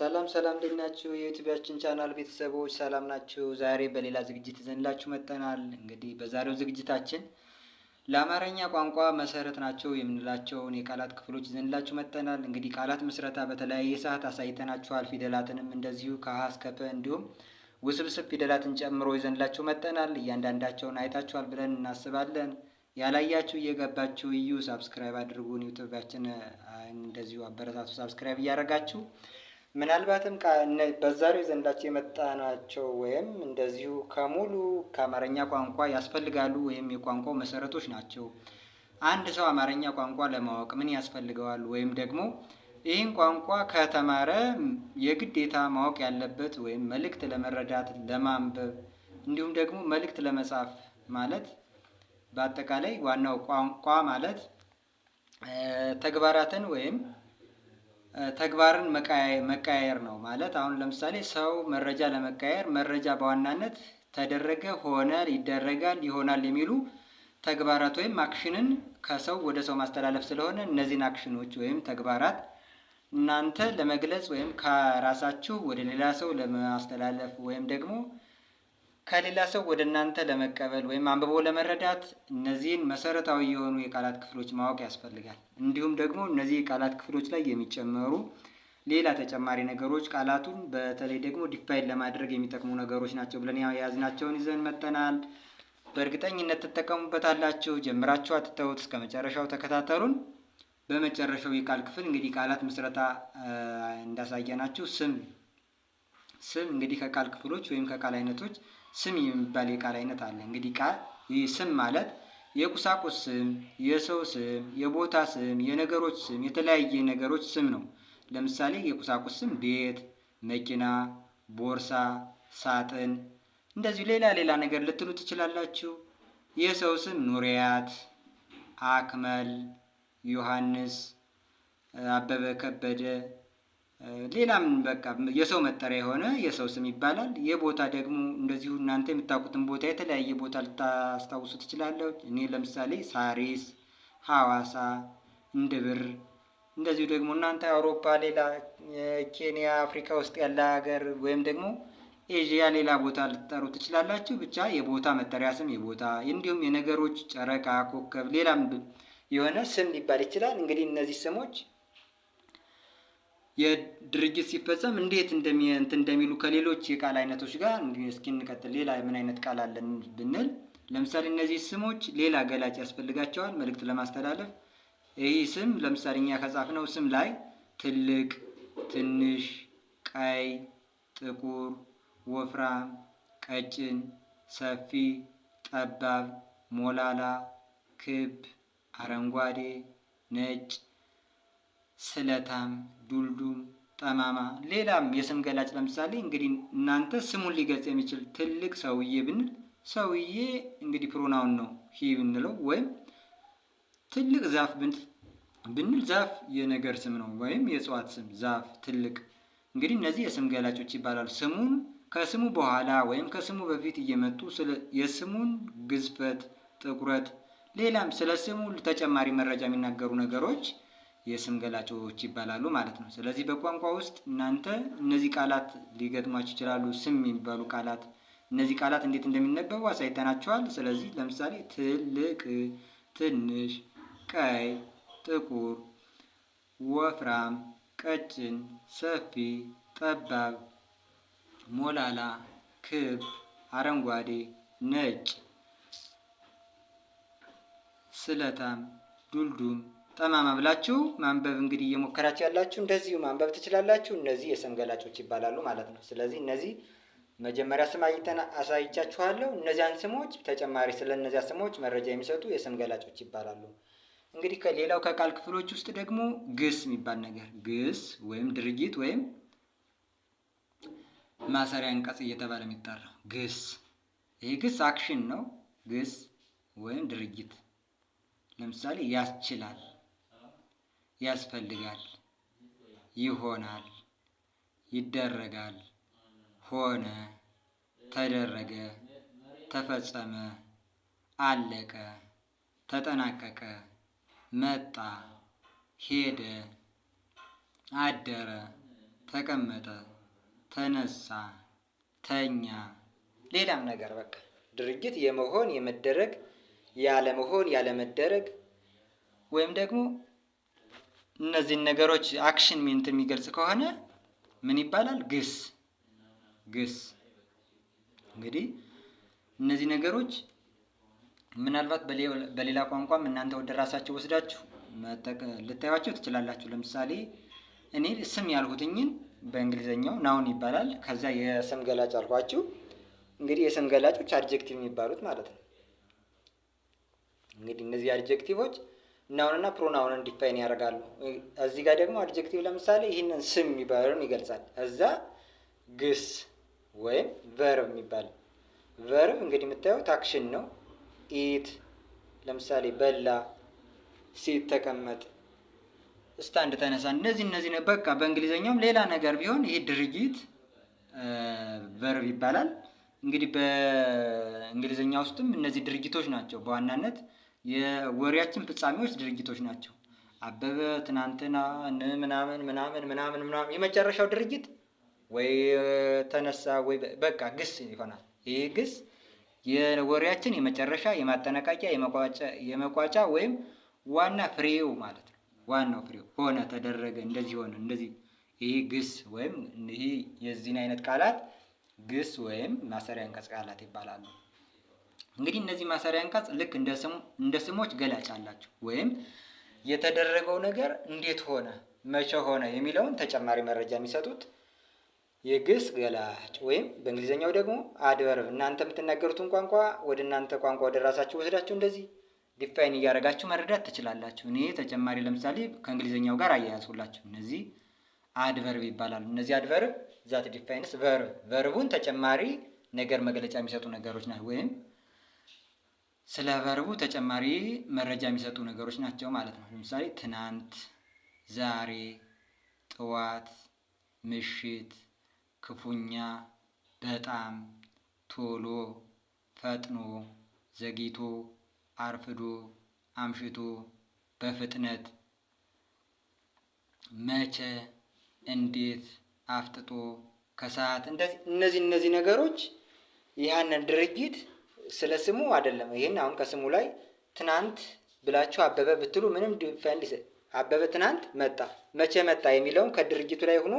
ሰላም ሰላም እንዴት ናችሁ? የዩቲዩባችን ቻናል ቤተሰቦች ሰላም ናችሁ? ዛሬ በሌላ ዝግጅት ይዘንላችሁ መጥተናል። እንግዲህ በዛሬው ዝግጅታችን ለአማርኛ ቋንቋ መሰረት ናቸው የምንላቸውን የቃላት ክፍሎች ይዘንላችሁ መጥተናል። እንግዲህ ቃላት ምስረታ በተለያየ ሰዓት አሳይተናችኋል። ፊደላትንም እንደዚሁ ከሀ እስከ ፐ እንዲሁም ውስብስብ ፊደላትን ጨምሮ ይዘንላችሁ መጥተናል። እያንዳንዳቸውን አይታችኋል ብለን እናስባለን። ያላያችሁ እየገባችሁ እዩ፣ ሳብስክራይብ አድርጉን። ዩቲዩባችን እንደዚሁ አበረታቱ፣ ሳብስክራይብ እያደረጋችሁ ምናልባትም በዛሬው ዘንዳቸው የመጣናቸው ወይም እንደዚሁ ከሙሉ ከአማርኛ ቋንቋ ያስፈልጋሉ ወይም የቋንቋው መሰረቶች ናቸው። አንድ ሰው አማርኛ ቋንቋ ለማወቅ ምን ያስፈልገዋል? ወይም ደግሞ ይህን ቋንቋ ከተማረ የግዴታ ማወቅ ያለበት ወይም መልእክት ለመረዳት ለማንበብ፣ እንዲሁም ደግሞ መልእክት ለመጻፍ ማለት በአጠቃላይ ዋናው ቋንቋ ማለት ተግባራትን ወይም ተግባርን መቀያየር ነው ማለት አሁን ለምሳሌ ሰው መረጃ ለመቀያየር መረጃ በዋናነት ተደረገ፣ ሆነ፣ ይደረጋል፣ ይሆናል የሚሉ ተግባራት ወይም አክሽንን ከሰው ወደ ሰው ማስተላለፍ ስለሆነ እነዚህን አክሽኖች ወይም ተግባራት እናንተ ለመግለጽ ወይም ከራሳችሁ ወደ ሌላ ሰው ለማስተላለፍ ወይም ደግሞ ከሌላ ሰው ወደ እናንተ ለመቀበል ወይም አንብቦ ለመረዳት እነዚህን መሰረታዊ የሆኑ የቃላት ክፍሎች ማወቅ ያስፈልጋል። እንዲሁም ደግሞ እነዚህ የቃላት ክፍሎች ላይ የሚጨመሩ ሌላ ተጨማሪ ነገሮች ቃላቱን በተለይ ደግሞ ዲፋይን ለማድረግ የሚጠቅሙ ነገሮች ናቸው ብለን የያዝናቸውን ይዘን መጠናል። በእርግጠኝነት ትጠቀሙበታላችሁ። ጀምራችሁ አትተውት፣ እስከ መጨረሻው ተከታተሉን። በመጨረሻው የቃል ክፍል እንግዲህ ቃላት ምስረታ እንዳሳየናችሁ ስም ስም እንግዲህ ከቃል ክፍሎች ወይም ከቃል አይነቶች ስም የሚባል የቃል አይነት አለ። እንግዲህ ቃል ይህ ስም ማለት የቁሳቁስ ስም፣ የሰው ስም፣ የቦታ ስም፣ የነገሮች ስም፣ የተለያየ ነገሮች ስም ነው። ለምሳሌ የቁሳቁስ ስም ቤት፣ መኪና፣ ቦርሳ፣ ሳጥን እንደዚሁ ሌላ ሌላ ነገር ልትሉ ትችላላችሁ። የሰው ስም ኑሪያት፣ አክመል፣ ዮሐንስ፣ አበበ ከበደ ሌላም በቃ የሰው መጠሪያ የሆነ የሰው ስም ይባላል። የቦታ ደግሞ እንደዚሁ እናንተ የምታውቁትን ቦታ የተለያየ ቦታ ልታስታውሱ ትችላለሁ። እኔ ለምሳሌ ሳሪስ፣ ሐዋሳ፣ እንድብር እንደዚሁ ደግሞ እናንተ አውሮፓ፣ ሌላ ኬንያ፣ አፍሪካ ውስጥ ያለ ሀገር ወይም ደግሞ ኤዥያ ሌላ ቦታ ልትጠሩ ትችላላችሁ። ብቻ የቦታ መጠሪያ ስም የቦታ እንዲሁም የነገሮች ጨረቃ፣ ኮከብ ሌላም የሆነ ስም ሊባል ይችላል። እንግዲህ እነዚህ ስሞች የድርጅት ሲፈጸም እንዴት እንደሚሉ ከሌሎች የቃል አይነቶች ጋር እስኪ እንቀጥል። ሌላ ምን አይነት ቃል አለን ብንል ለምሳሌ እነዚህ ስሞች ሌላ ገላጭ ያስፈልጋቸዋል መልእክት ለማስተላለፍ። ይህ ስም ለምሳሌ እኛ ከጻፍነው ስም ላይ ትልቅ፣ ትንሽ፣ ቀይ፣ ጥቁር፣ ወፍራም፣ ቀጭን፣ ሰፊ፣ ጠባብ፣ ሞላላ፣ ክብ፣ አረንጓዴ፣ ነጭ ስለታም፣ ዱልዱል፣ ጠማማ ሌላም የስም ገላጭ ለምሳሌ እንግዲህ እናንተ ስሙን ሊገልጽ የሚችል ትልቅ ሰውዬ ብንል ሰውዬ እንግዲህ ፕሮናውን ነው ሂ ብንለው ወይም ትልቅ ዛፍ ብንል ዛፍ የነገር ስም ነው ወይም የእጽዋት ስም ዛፍ ትልቅ እንግዲህ እነዚህ የስም ገላጮች ይባላሉ። ስሙን ከስሙ በኋላ ወይም ከስሙ በፊት እየመጡ የስሙን ግዝፈት፣ ጥቁረት ሌላም ስለ ስሙ ተጨማሪ መረጃ የሚናገሩ ነገሮች የስም ገላጮች ይባላሉ ማለት ነው። ስለዚህ በቋንቋ ውስጥ እናንተ እነዚህ ቃላት ሊገጥሟችሁ ይችላሉ። ስም የሚባሉ ቃላት እነዚህ ቃላት እንዴት እንደሚነበቡ አሳይተናቸዋል። ስለዚህ ለምሳሌ ትልቅ፣ ትንሽ፣ ቀይ፣ ጥቁር፣ ወፍራም፣ ቀጭን፣ ሰፊ፣ ጠባብ፣ ሞላላ፣ ክብ፣ አረንጓዴ፣ ነጭ፣ ስለታም፣ ዱልዱም ጠማማ ብላችሁ ማንበብ እንግዲህ እየሞከራችሁ ያላችሁ እንደዚሁ ማንበብ ትችላላችሁ። እነዚህ የሰም ገላጮች ይባላሉ ማለት ነው። ስለዚህ እነዚህ መጀመሪያ ስም አሳይቻችኋለሁ። እነዚያን ስሞች ተጨማሪ ስለ እነዚያ ስሞች መረጃ የሚሰጡ የስም ገላጮች ይባላሉ። እንግዲህ ከሌላው ከቃል ክፍሎች ውስጥ ደግሞ ግስ የሚባል ነገር ግስ ወይም ድርጊት ወይም ማሰሪያ አንቀጽ እየተባለ የሚጠራ ግስ ይህ ግስ አክሽን ነው። ግስ ወይም ድርጊት ለምሳሌ ያስችላል ያስፈልጋል፣ ይሆናል፣ ይደረጋል፣ ሆነ፣ ተደረገ፣ ተፈጸመ፣ አለቀ፣ ተጠናቀቀ፣ መጣ፣ ሄደ፣ አደረ፣ ተቀመጠ፣ ተነሳ፣ ተኛ፣ ሌላም ነገር በቃ ድርጊት የመሆን የመደረግ ያለመሆን ያለመደረግ ወይም ደግሞ እነዚህን ነገሮች አክሽን ሚንት የሚገልጽ ከሆነ ምን ይባላል? ግስ ግስ። እንግዲህ እነዚህ ነገሮች ምናልባት በሌላ ቋንቋም እናንተ ወደ ራሳቸው ወስዳችሁ ልታዩቸው ትችላላችሁ። ለምሳሌ እኔ ስም ያልሁትኝን በእንግሊዝኛው ናውን ይባላል። ከዚያ የስም ገላጭ አልኳችሁ። እንግዲህ የስም ገላጮች አድጀክቲቭ የሚባሉት ማለት ነው። እንግዲህ እነዚህ አድጀክቲቮች ናውን እና ፕሮናውንን ዲፋይን ያደርጋሉ። እዚህ ጋር ደግሞ አድጀክቲቭ ለምሳሌ ይህንን ስም የሚባለውን ይገልጻል። እዛ ግስ ወይም ቨርብ የሚባል ቨርብ እንግዲህ የምታዩት አክሽን ነው። ኢት ለምሳሌ በላ፣ ሲት ተቀመጥ፣ ስታንድ ተነሳ። እነዚህ እነዚህ በቃ በእንግሊዝኛውም ሌላ ነገር ቢሆን ይሄ ድርጊት ቨርብ ይባላል። እንግዲህ በእንግሊዘኛ ውስጥም እነዚህ ድርጊቶች ናቸው በዋናነት የወሬያችን ፍጻሜዎች ድርጊቶች ናቸው። አበበ ትናንትና ምናምን ምናምን ምናምን ምናምን የመጨረሻው ድርጊት ወይ ተነሳ ወይ በቃ ግስ ይሆናል። ይህ ግስ የወሬያችን የመጨረሻ የማጠናቀቂያ የመቋጫ ወይም ዋና ፍሬው ማለት ነው። ዋናው ፍሬው ሆነ፣ ተደረገ፣ እንደዚህ ሆነ፣ እንደዚህ ይህ ግስ ወይም ይህ የዚህን አይነት ቃላት ግስ ወይም ማሰሪያ አንቀጽ ቃላት ይባላሉ። እንግዲህ እነዚህ ማሰሪያ አንቀጽ ልክ እንደ ስሞች ገላጭ አላቸው ወይም የተደረገው ነገር እንዴት ሆነ፣ መቼ ሆነ የሚለውን ተጨማሪ መረጃ የሚሰጡት የግስ ገላጭ ወይም በእንግሊዝኛው ደግሞ አድቨርብ። እናንተ የምትናገሩትን ቋንቋ ወደ እናንተ ቋንቋ ወደ ራሳችሁ ወስዳችሁ እንደዚህ ዲፋይን እያደረጋችሁ መረዳት ትችላላችሁ። እኔ ተጨማሪ ለምሳሌ ከእንግሊዝኛው ጋር አያያዝሁላችሁ። እነዚህ አድቨርብ ይባላሉ። እነዚህ አድቨርብ ዛት ዲፋይንስ ቨርብ፣ ቨርቡን ተጨማሪ ነገር መግለጫ የሚሰጡ ነገሮች ናቸው ወይም ስለ ቨርቡ ተጨማሪ መረጃ የሚሰጡ ነገሮች ናቸው ማለት ነው። ለምሳሌ ትናንት፣ ዛሬ፣ ጥዋት፣ ምሽት፣ ክፉኛ፣ በጣም፣ ቶሎ፣ ፈጥኖ፣ ዘግይቶ፣ አርፍዶ፣ አምሽቶ፣ በፍጥነት፣ መቼ፣ እንዴት፣ አፍጥጦ፣ ከሰዓት እንደዚህ እነዚህ እነዚህ ነገሮች ያንን ድርጊት ስለ ስሙ አይደለም። ይህን አሁን ከስሙ ላይ ትናንት ብላችሁ አበበ ብትሉ ምንም ዲፈንድ አበበ ትናንት መጣ፣ መቼ መጣ የሚለውን ከድርጅቱ ላይ ሆኖ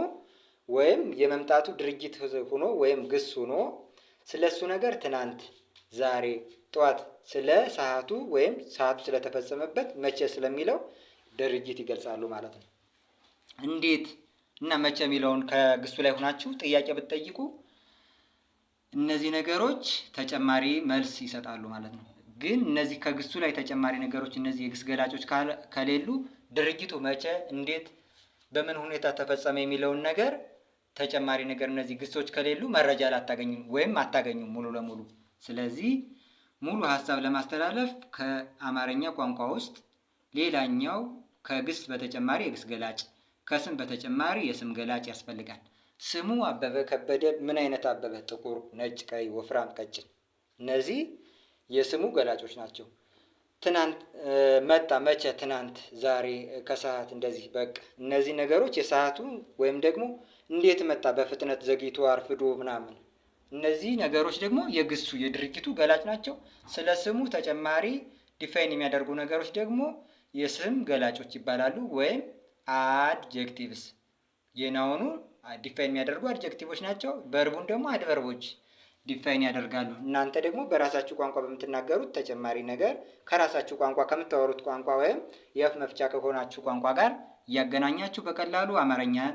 ወይም የመምጣቱ ድርጅት ሆኖ ወይም ግስ ሆኖ ስለ እሱ ነገር ትናንት፣ ዛሬ፣ ጠዋት ስለ ሰዓቱ ወይም ሰዓቱ ስለተፈጸመበት መቼ ስለሚለው ድርጅት ይገልጻሉ ማለት ነው። እንዴት እና መቼ የሚለውን ከግሱ ላይ ሆናችሁ ጥያቄ ብትጠይቁ እነዚህ ነገሮች ተጨማሪ መልስ ይሰጣሉ ማለት ነው። ግን እነዚህ ከግሱ ላይ ተጨማሪ ነገሮች እነዚህ የግስ ገላጮች ከሌሉ ድርጊቱ መቼ፣ እንዴት፣ በምን ሁኔታ ተፈጸመ የሚለውን ነገር ተጨማሪ ነገር እነዚህ ግሶች ከሌሉ መረጃ ላታገኙም ወይም አታገኙም ሙሉ ለሙሉ። ስለዚህ ሙሉ ሀሳብ ለማስተላለፍ ከአማርኛ ቋንቋ ውስጥ ሌላኛው ከግስ በተጨማሪ የግስ ገላጭ ከስም በተጨማሪ የስም ገላጭ ያስፈልጋል። ስሙ አበበ ከበደ ምን አይነት አበበ? ጥቁር፣ ነጭ፣ ቀይ፣ ወፍራም፣ ቀጭን። እነዚህ የስሙ ገላጮች ናቸው። ትናንት መጣ፣ መቼ፣ ትናንት፣ ዛሬ፣ ከሰዓት፣ እንደዚህ በቃ እነዚህ ነገሮች የሰዓቱ ወይም ደግሞ እንዴት መጣ፣ በፍጥነት ዘግይቶ፣ አርፍዶ ምናምን እነዚህ ነገሮች ደግሞ የግሱ የድርጊቱ ገላጭ ናቸው። ስለ ስሙ ተጨማሪ ዲፋይን የሚያደርጉ ነገሮች ደግሞ የስም ገላጮች ይባላሉ፣ ወይም አድጀክቲቭስ የናውኑ ዲፋይን የሚያደርጉ አድጀክቲቮች ናቸው። በርቡን ደግሞ አድቨርቦች ዲፋይን ያደርጋሉ። እናንተ ደግሞ በራሳችሁ ቋንቋ በምትናገሩት ተጨማሪ ነገር ከራሳችሁ ቋንቋ ከምታወሩት ቋንቋ ወይም የአፍ መፍቻ ከሆናችሁ ቋንቋ ጋር እያገናኛችሁ በቀላሉ አማርኛን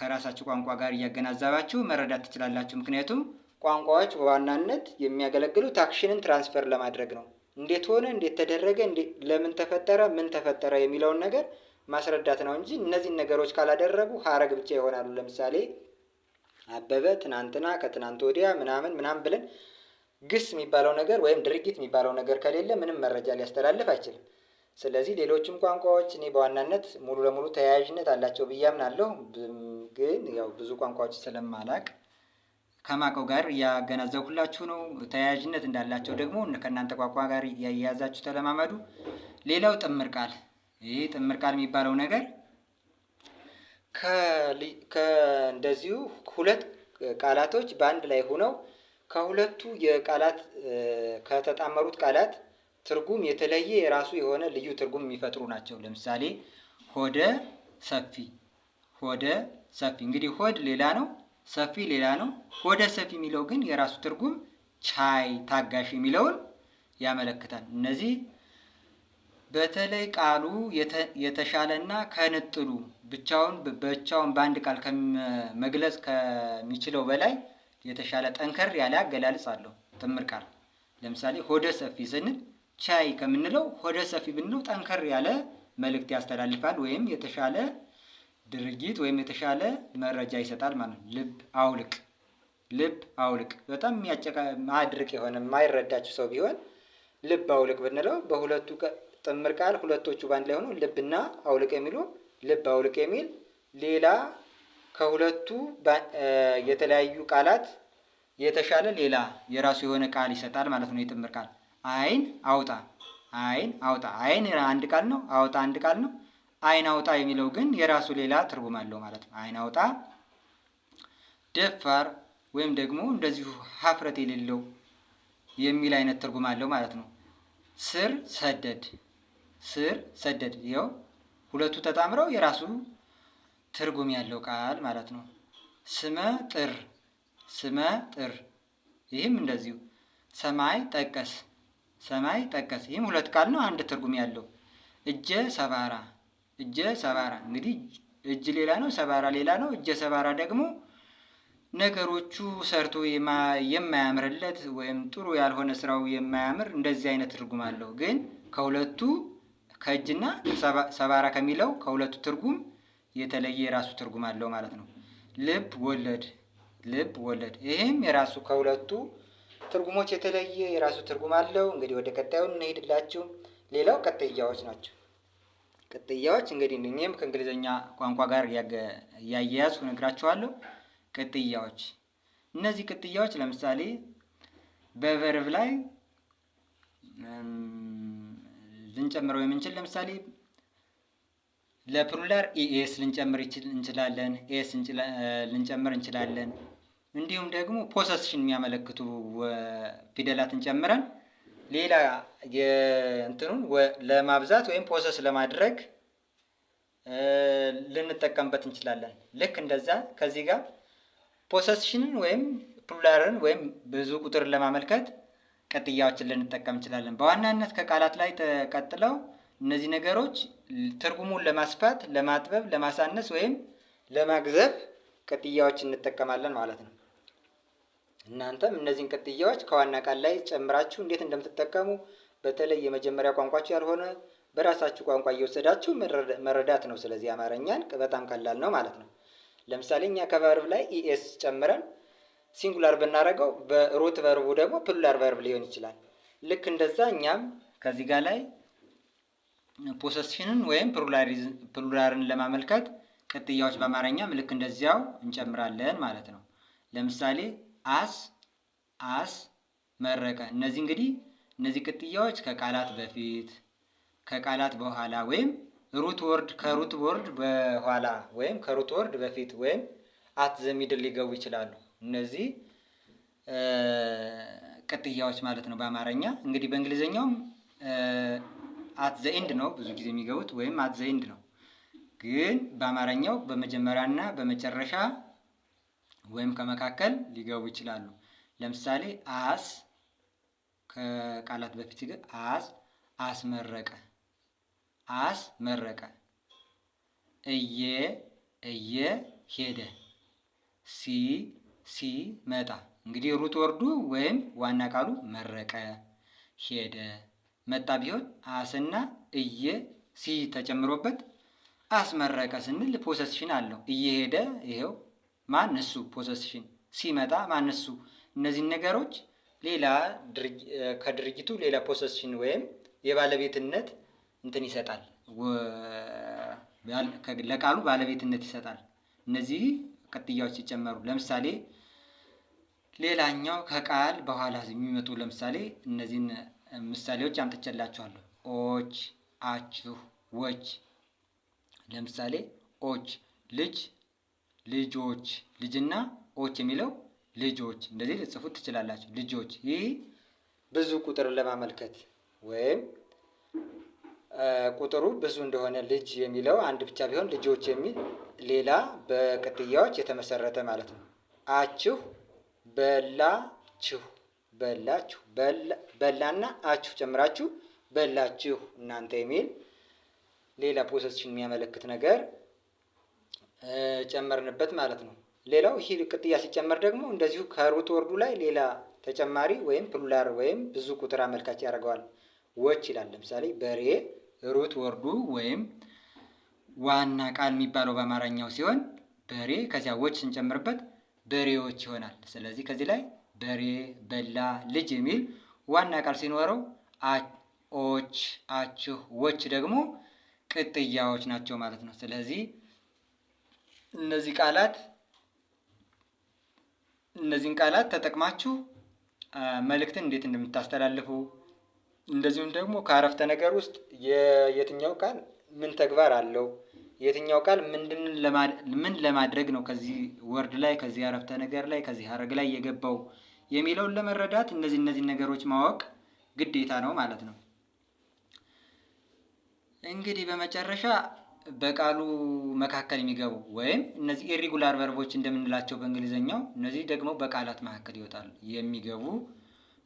ከራሳችሁ ቋንቋ ጋር እያገናዘባችሁ መረዳት ትችላላችሁ። ምክንያቱም ቋንቋዎች በዋናነት የሚያገለግሉት አክሽንን ትራንስፈር ለማድረግ ነው። እንዴት ሆነ፣ እንዴት ተደረገ፣ ለምን ተፈጠረ፣ ምን ተፈጠረ የሚለውን ነገር ማስረዳት ነው እንጂ እነዚህን ነገሮች ካላደረጉ ሀረግ ብቻ ይሆናሉ። ለምሳሌ አበበ ትናንትና፣ ከትናንት ወዲያ ምናምን ምናምን ብለን ግስ የሚባለው ነገር ወይም ድርጊት የሚባለው ነገር ከሌለ ምንም መረጃ ሊያስተላልፍ አይችልም። ስለዚህ ሌሎችም ቋንቋዎች እኔ በዋናነት ሙሉ ለሙሉ ተያያዥነት አላቸው ብዬ አምናለሁ። ግን ያው ብዙ ቋንቋዎች ስለማላቅ ከማቀው ጋር እያገናዘብኩላችሁ ነው። ተያያዥነት እንዳላቸው ደግሞ ከእናንተ ቋንቋ ጋር እያያዛችሁ ተለማመዱ። ሌላው ጥምር ቃል ይህ ጥምር ቃል የሚባለው ነገር እንደዚሁ ሁለት ቃላቶች በአንድ ላይ ሆነው ከሁለቱ የቃላት ከተጣመሩት ቃላት ትርጉም የተለየ የራሱ የሆነ ልዩ ትርጉም የሚፈጥሩ ናቸው። ለምሳሌ ሆደ ሰፊ፣ ሆደ ሰፊ። እንግዲህ ሆድ ሌላ ነው፣ ሰፊ ሌላ ነው። ሆደ ሰፊ የሚለው ግን የራሱ ትርጉም ቻይ፣ ታጋሽ የሚለውን ያመለክታል። እነዚህ በተለይ ቃሉ የተሻለና ከንጥሉ ብቻውን ብቻውን በአንድ ቃል መግለጽ ከሚችለው በላይ የተሻለ ጠንከር ያለ አገላለጽ አለው ጥምር ቃል። ለምሳሌ ሆደ ሰፊ ስንል ቻይ ከምንለው ሆደ ሰፊ ብንለው ጠንከር ያለ መልእክት ያስተላልፋል ወይም የተሻለ ድርጊት ወይም የተሻለ መረጃ ይሰጣል ማለት ነው። ልብ አውልቅ፣ ልብ አውልቅ በጣም የሚያጨቃ ማድርቅ የሆነ የማይረዳችሁ ሰው ቢሆን ልብ አውልቅ ብንለው በሁለቱ ጥምር ቃል ሁለቶቹ በአንድ ላይ ሆኖ ልብና አውልቅ የሚሉ ልብ አውልቅ የሚል ሌላ ከሁለቱ የተለያዩ ቃላት የተሻለ ሌላ የራሱ የሆነ ቃል ይሰጣል ማለት ነው። የጥምር ቃል አይን አውጣ፣ አይን አውጣ፣ አይን አንድ ቃል ነው፣ አውጣ አንድ ቃል ነው። አይን አውጣ የሚለው ግን የራሱ ሌላ ትርጉም አለው ማለት ነው። አይን አውጣ፣ ደፋር ወይም ደግሞ እንደዚሁ ሀፍረት የሌለው የሚል አይነት ትርጉም አለው ማለት ነው። ስር ሰደድ ስር ሰደድ። ይኸው ሁለቱ ተጣምረው የራሱ ትርጉም ያለው ቃል ማለት ነው። ስመ ጥር፣ ስመ ጥር። ይህም እንደዚሁ ሰማይ ጠቀስ፣ ሰማይ ጠቀስ። ይህም ሁለት ቃል ነው፣ አንድ ትርጉም ያለው። እጀ ሰባራ፣ እጀ ሰባራ። እንግዲህ እጅ ሌላ ነው፣ ሰባራ ሌላ ነው። እጀ ሰባራ ደግሞ ነገሮቹ ሰርቶ የማያምርለት ወይም ጥሩ ያልሆነ ስራው የማያምር እንደዚህ አይነት ትርጉም አለው ግን ከሁለቱ ከእጅና ሰባራ ከሚለው ከሁለቱ ትርጉም የተለየ የራሱ ትርጉም አለው ማለት ነው። ልብ ወለድ ልብ ወለድ ይህም የራሱ ከሁለቱ ትርጉሞች የተለየ የራሱ ትርጉም አለው። እንግዲህ ወደ ቀጣዩን እንሄድላችሁ። ሌላው ቅጥያዎች ናቸው። ቅጥያዎች እንግዲህ እኔም ከእንግሊዝኛ ቋንቋ ጋር ያያያዝኩ እነግራችኋለሁ። ቅጥያዎች እነዚህ ቅጥያዎች ለምሳሌ በቨርብ ላይ ልንጨምረው የምንችል ለምሳሌ ለፕሉላር ኢኤስ ልንጨምር እንችላለን፣ ኤስ ልንጨምር እንችላለን። እንዲሁም ደግሞ ፖሰስሽን የሚያመለክቱ ፊደላትን ጨምረን ሌላ እንትኑን ለማብዛት ወይም ፖሰስ ለማድረግ ልንጠቀምበት እንችላለን። ልክ እንደዛ ከዚህ ጋር ፖሰስሽንን ወይም ፕሉላርን ወይም ብዙ ቁጥርን ለማመልከት ቅጥያዎችን ልንጠቀም እንችላለን። በዋናነት ከቃላት ላይ ተቀጥለው እነዚህ ነገሮች ትርጉሙን ለማስፋት፣ ለማጥበብ፣ ለማሳነስ ወይም ለማግዘብ ቅጥያዎች እንጠቀማለን ማለት ነው። እናንተም እነዚህን ቅጥያዎች ከዋና ቃል ላይ ጨምራችሁ እንዴት እንደምትጠቀሙ በተለይ የመጀመሪያ ቋንቋችሁ ያልሆነ በራሳችሁ ቋንቋ እየወሰዳችሁ መረዳት ነው። ስለዚህ አማርኛን በጣም ቀላል ነው ማለት ነው። ለምሳሌ እኛ ከቨርብ ላይ ኢኤስ ጨምረን ሲንጉላር ብናደርገው በሮት ቨርቡ ደግሞ ፕሉላር ቨርብ ሊሆን ይችላል። ልክ እንደዛ እኛም ከዚህ ጋር ላይ ፖሰሲሽንን ወይም ፕሉላርን ለማመልከት ቅጥያዎች በአማርኛም ልክ እንደዚያው እንጨምራለን ማለት ነው። ለምሳሌ አስ አስ መረቀ። እነዚህ እንግዲህ እነዚህ ቅጥያዎች ከቃላት በፊት ከቃላት በኋላ ወይም ሩት ወርድ ከሩት ወርድ በኋላ ወይም ከሩት ወርድ በፊት ወይም አት ዘሚድል ሊገቡ ይችላሉ። እነዚህ ቅጥያዎች ማለት ነው በአማርኛ። እንግዲህ በእንግሊዝኛውም አት ዘኢንድ ነው ብዙ ጊዜ የሚገቡት ወይም አት ዘኢንድ ነው። ግን በአማርኛው በመጀመሪያና በመጨረሻ ወይም ከመካከል ሊገቡ ይችላሉ። ለምሳሌ አስ ከቃላት በፊት አስ አስመረቀ፣ መረቀ እየ እየ ሄደ ሲ ሲመጣ እንግዲህ ሩት ወርዱ ወይም ዋና ቃሉ መረቀ፣ ሄደ፣ መጣ ቢሆን አስና እየ ሲ ተጨምሮበት አስመረቀ ስንል ፖሰስሽን አለው። እየሄደ ይኸው ማን እሱ፣ ፖሰስሽን ሲመጣ ማን እሱ። እነዚህን ነገሮች ሌላ ከድርጅቱ ሌላ ፖሰስሽን ወይም የባለቤትነት እንትን ይሰጣል፣ ለቃሉ ባለቤትነት ይሰጣል። እነዚህ ቅጥያዎች ሲጨመሩ ለምሳሌ ሌላኛው ከቃል በኋላ የሚመጡ ለምሳሌ እነዚህን ምሳሌዎች አምጥቼላችኋለሁ። ኦች፣ አችሁ፣ ወች ለምሳሌ ኦች ልጅ፣ ልጆች፣ ልጅና ኦች የሚለው ልጆች እንደዚህ ልጽፉት ትችላላችሁ። ልጆች ይህ ብዙ ቁጥርን ለማመልከት ወይም ቁጥሩ ብዙ እንደሆነ ልጅ የሚለው አንድ ብቻ ቢሆን ልጆች የሚል ሌላ በቅጥያዎች የተመሰረተ ማለት ነው። አችሁ በላችሁ በላችሁ በላና አችሁ ጨምራችሁ በላችሁ እናንተ የሚል ሌላ ፕሮሰስሽን የሚያመለክት ነገር ጨመርንበት ማለት ነው። ሌላው ይህ ቅጥያ ሲጨመር ደግሞ እንደዚሁ ከሩት ወርዱ ላይ ሌላ ተጨማሪ ወይም ፕሉላር ወይም ብዙ ቁጥር አመልካች ያደርገዋል። ወች ይላል። ለምሳሌ በሬ ሩት ወርዱ ወይም ዋና ቃል የሚባለው በአማርኛው ሲሆን በሬ ከዚያ ወች ስንጨምርበት በሬዎች ይሆናል። ስለዚህ ከዚህ ላይ በሬ፣ በላ፣ ልጅ የሚል ዋና ቃል ሲኖረው ኦች፣ አችሁ፣ ዎች ደግሞ ቅጥያዎች ናቸው ማለት ነው። ስለዚህ እነዚህ ቃላት እነዚህን ቃላት ተጠቅማችሁ መልእክትን እንዴት እንደምታስተላልፉ እንደዚሁም ደግሞ ከአረፍተ ነገር ውስጥ የየትኛው ቃል ምን ተግባር አለው የትኛው ቃል ምን ለማድረግ ነው ከዚህ ወርድ ላይ ከዚህ አረፍተ ነገር ላይ ከዚህ ሀረግ ላይ የገባው የሚለውን ለመረዳት እነዚህ እነዚህ ነገሮች ማወቅ ግዴታ ነው ማለት ነው። እንግዲህ በመጨረሻ በቃሉ መካከል የሚገቡ ወይም እነዚህ ኢሪጉላር ቨርቦች እንደምንላቸው በእንግሊዝኛው እነዚህ ደግሞ በቃላት መካከል ይወጣሉ የሚገቡ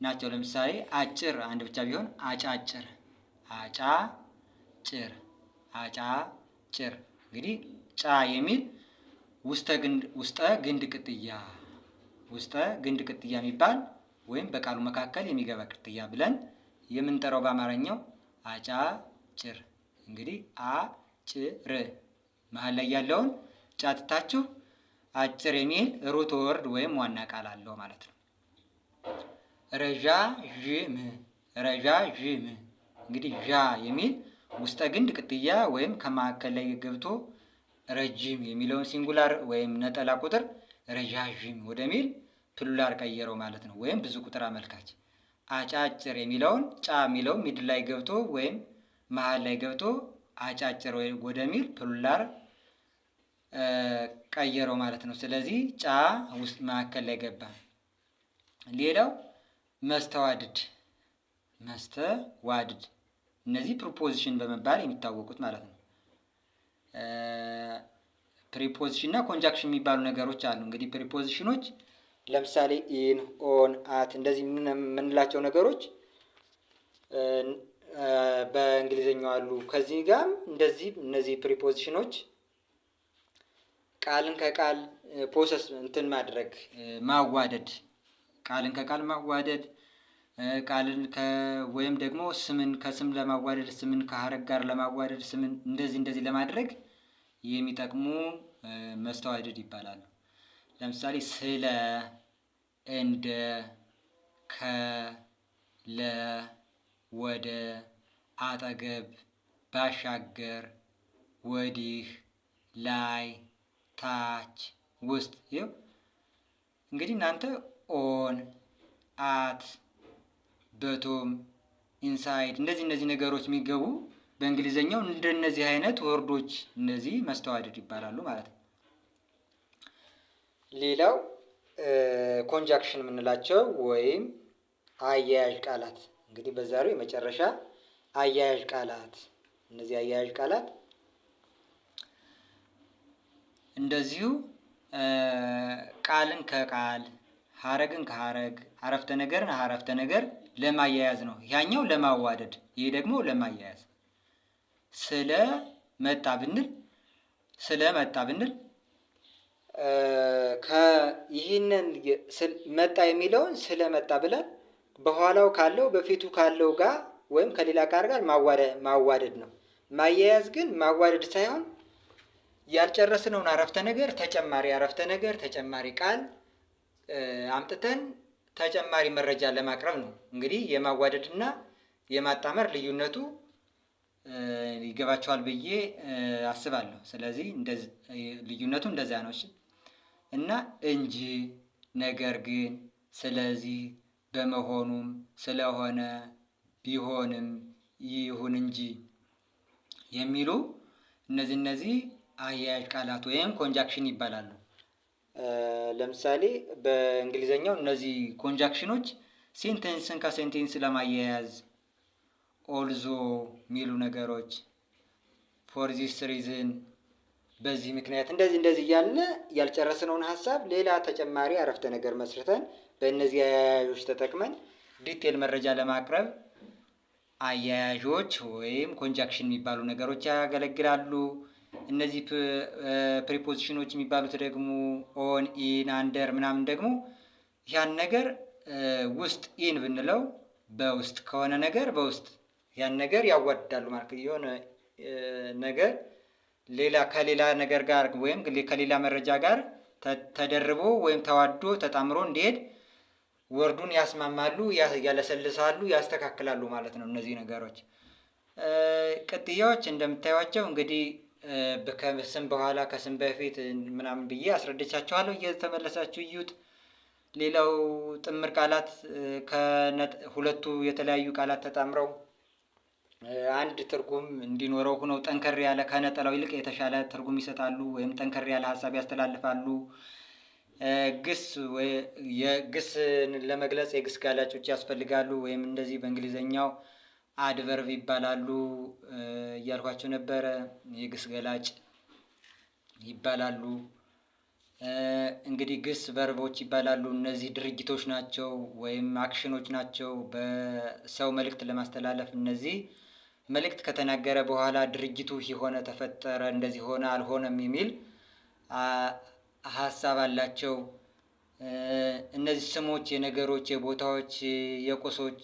ናቸው። ለምሳሌ አጭር አንድ ብቻ ቢሆን አጫጭር፣ አጫጭር፣ አጫ ጭር እንግዲህ ጫ የሚል ውስጠ ግንድ ውስጠ ግንድ ቅጥያ ውስጠ ግንድ ቅጥያ የሚባል ወይም በቃሉ መካከል የሚገባ ቅጥያ ብለን የምንጠራው በአማርኛው ጭር እንግዲህ አጭር መሀል ላይ ያለውን ጫትታችሁ አጭር የሚል ሩት ወርድ ወይም ዋና ቃል አለው ማለት ነው። ረዣዥም ረዣዥም እንግዲህ ዣ የሚል ውስጠ ግንድ ቅጥያ ወይም ከማዕከል ላይ ገብቶ ረጅም የሚለውን ሲንጉላር ወይም ነጠላ ቁጥር ረዣዥም ወደሚል ፕሉላር ቀየረው ማለት ነው። ወይም ብዙ ቁጥር አመልካች። አጫጭር የሚለውን ጫ የሚለው ሚድል ላይ ገብቶ ወይም መሀል ላይ ገብቶ አጫጭር ወደሚል ፕሉላር ቀየረው ማለት ነው። ስለዚህ ጫ ውስጥ መካከል ላይ ገባ። ሌላው መስተዋድድ መስተዋድድ እነዚህ ፕሪፖዚሽን በመባል የሚታወቁት ማለት ነው። ፕሪፖዚሽን እና ኮንጃክሽን የሚባሉ ነገሮች አሉ። እንግዲህ ፕሪፖዚሽኖች ለምሳሌ ኢን፣ ኦን፣ አት እንደዚህ የምንላቸው ነገሮች በእንግሊዝኛው አሉ። ከዚህ ጋርም እንደዚህ እነዚህ ፕሪፖዚሽኖች ቃልን ከቃል ፕሮሰስ እንትን ማድረግ ማዋደድ ቃልን ከቃል ማዋደድ ቃልን ወይም ደግሞ ስምን ከስም ለማዋደድ ስምን ከሀረግ ጋር ለማዋደድ ስምን እንደዚህ እንደዚህ ለማድረግ የሚጠቅሙ መስተዋደድ ይባላሉ። ለምሳሌ ስለ፣ እንደ፣ ከ፣ ለ፣ ወደ፣ አጠገብ፣ ባሻገር፣ ወዲህ፣ ላይ፣ ታች፣ ውስጥ። ይኸው እንግዲህ እናንተ ኦን፣ አት በቶም ኢንሳይድ እንደዚህ እነዚህ ነገሮች የሚገቡ በእንግሊዘኛው እንደነዚህ አይነት ወርዶች እነዚህ መስተዋድድ ይባላሉ ማለት ነው። ሌላው ኮንጃክሽን የምንላቸው ወይም አያያዥ ቃላት እንግዲህ በዛሬው የመጨረሻ አያያዥ ቃላት እነዚህ አያያዥ ቃላት እንደዚሁ ቃልን ከቃል ሀረግን ከሀረግ አረፍተ ነገርን አረፍተ ነገር ለማያያዝ ነው። ያኛው ለማዋደድ፣ ይህ ደግሞ ለማያያዝ። ስለ መጣ ብንል ስለ መጣ ብንል ይህንን መጣ የሚለውን ስለ መጣ ብለን በኋላው ካለው በፊቱ ካለው ጋር ወይም ከሌላ ቃል ጋር ማዋደድ ነው። ማያያዝ ግን ማዋደድ ሳይሆን ያልጨረስነውን አረፍተ ነገር ተጨማሪ አረፍተ ነገር ተጨማሪ ቃል አምጥተን ተጨማሪ መረጃ ለማቅረብ ነው። እንግዲህ የማዋደድ እና የማጣመር ልዩነቱ ይገባቸዋል ብዬ አስባለሁ። ስለዚህ ልዩነቱ እንደዚያ ነው እና እንጂ፣ ነገር ግን፣ ስለዚህ፣ በመሆኑም፣ ስለሆነ፣ ቢሆንም፣ ይሁን እንጂ የሚሉ እነዚህ እነዚህ አያያዥ ቃላት ወይም ኮንጃክሽን ይባላሉ። ለምሳሌ በእንግሊዘኛው እነዚህ ኮንጃክሽኖች ሴንተንስን ከሴንቴንስ ለማያያዝ ኦልዞ የሚሉ ነገሮች ፎር ዚስ ሪዝን በዚህ ምክንያት እንደዚህ እንደዚህ እያልን ያልጨረስነውን ሀሳብ ሌላ ተጨማሪ አረፍተ ነገር መስርተን በእነዚህ አያያዦች ተጠቅመን ዲቴል መረጃ ለማቅረብ አያያዦች ወይም ኮንጃክሽን የሚባሉ ነገሮች ያገለግላሉ። እነዚህ ፕሪፖዚሽኖች የሚባሉት ደግሞ ኦን ኢን አንደር ምናምን ደግሞ ያን ነገር ውስጥ ኢን ብንለው በውስጥ ከሆነ ነገር በውስጥ ያን ነገር ያዋዳሉ ማለት የሆነ ነገር ሌላ ከሌላ ነገር ጋር ወይም ከሌላ መረጃ ጋር ተደርቦ ወይም ተዋዶ ተጣምሮ እንዲሄድ ወርዱን ያስማማሉ፣ ያለሰልሳሉ፣ ያስተካክላሉ ማለት ነው እነዚህ ነገሮች። ቅጥያዎች እንደምታዩቸው እንግዲህ ከስም በኋላ ከስም በፊት ምናምን ብዬ አስረድቻችኋለሁ። እየተመለሳችሁ እዩት። ሌላው ጥምር ቃላት ከሁለቱ የተለያዩ ቃላት ተጣምረው አንድ ትርጉም እንዲኖረው ሆነው ጠንከር ያለ ከነጠላው ይልቅ የተሻለ ትርጉም ይሰጣሉ ወይም ጠንከር ያለ ሀሳብ ያስተላልፋሉ። ግስ ግስን ለመግለጽ የግስ ጋላጮች ያስፈልጋሉ ወይም እንደዚህ በእንግሊዝኛው አድቨርብ ይባላሉ እያልኳቸው ነበረ። የግስ ገላጭ ይባላሉ። እንግዲህ ግስ ቨርቦች ይባላሉ። እነዚህ ድርጊቶች ናቸው ወይም አክሽኖች ናቸው። በሰው መልእክት ለማስተላለፍ እነዚህ መልእክት ከተናገረ በኋላ ድርጊቱ የሆነ ተፈጠረ፣ እንደዚህ ሆነ፣ አልሆነም የሚል ሀሳብ አላቸው። እነዚህ ስሞች የነገሮች፣ የቦታዎች፣ የቁሶች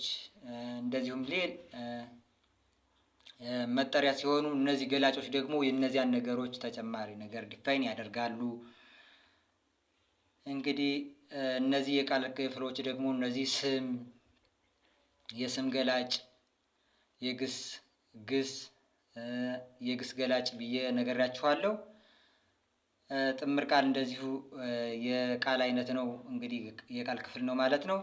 እንደዚሁም ሌል መጠሪያ ሲሆኑ እነዚህ ገላጮች ደግሞ የእነዚያን ነገሮች ተጨማሪ ነገር ዲፋይን ያደርጋሉ። እንግዲህ እነዚህ የቃል ክፍሎች ደግሞ እነዚህ ስም፣ የስም ገላጭ፣ የግስ ግስ፣ የግስ ገላጭ ብዬ ነግሬያችኋለሁ። ጥምር ቃል እንደዚሁ የቃል አይነት ነው፣ እንግዲህ የቃል ክፍል ነው ማለት ነው።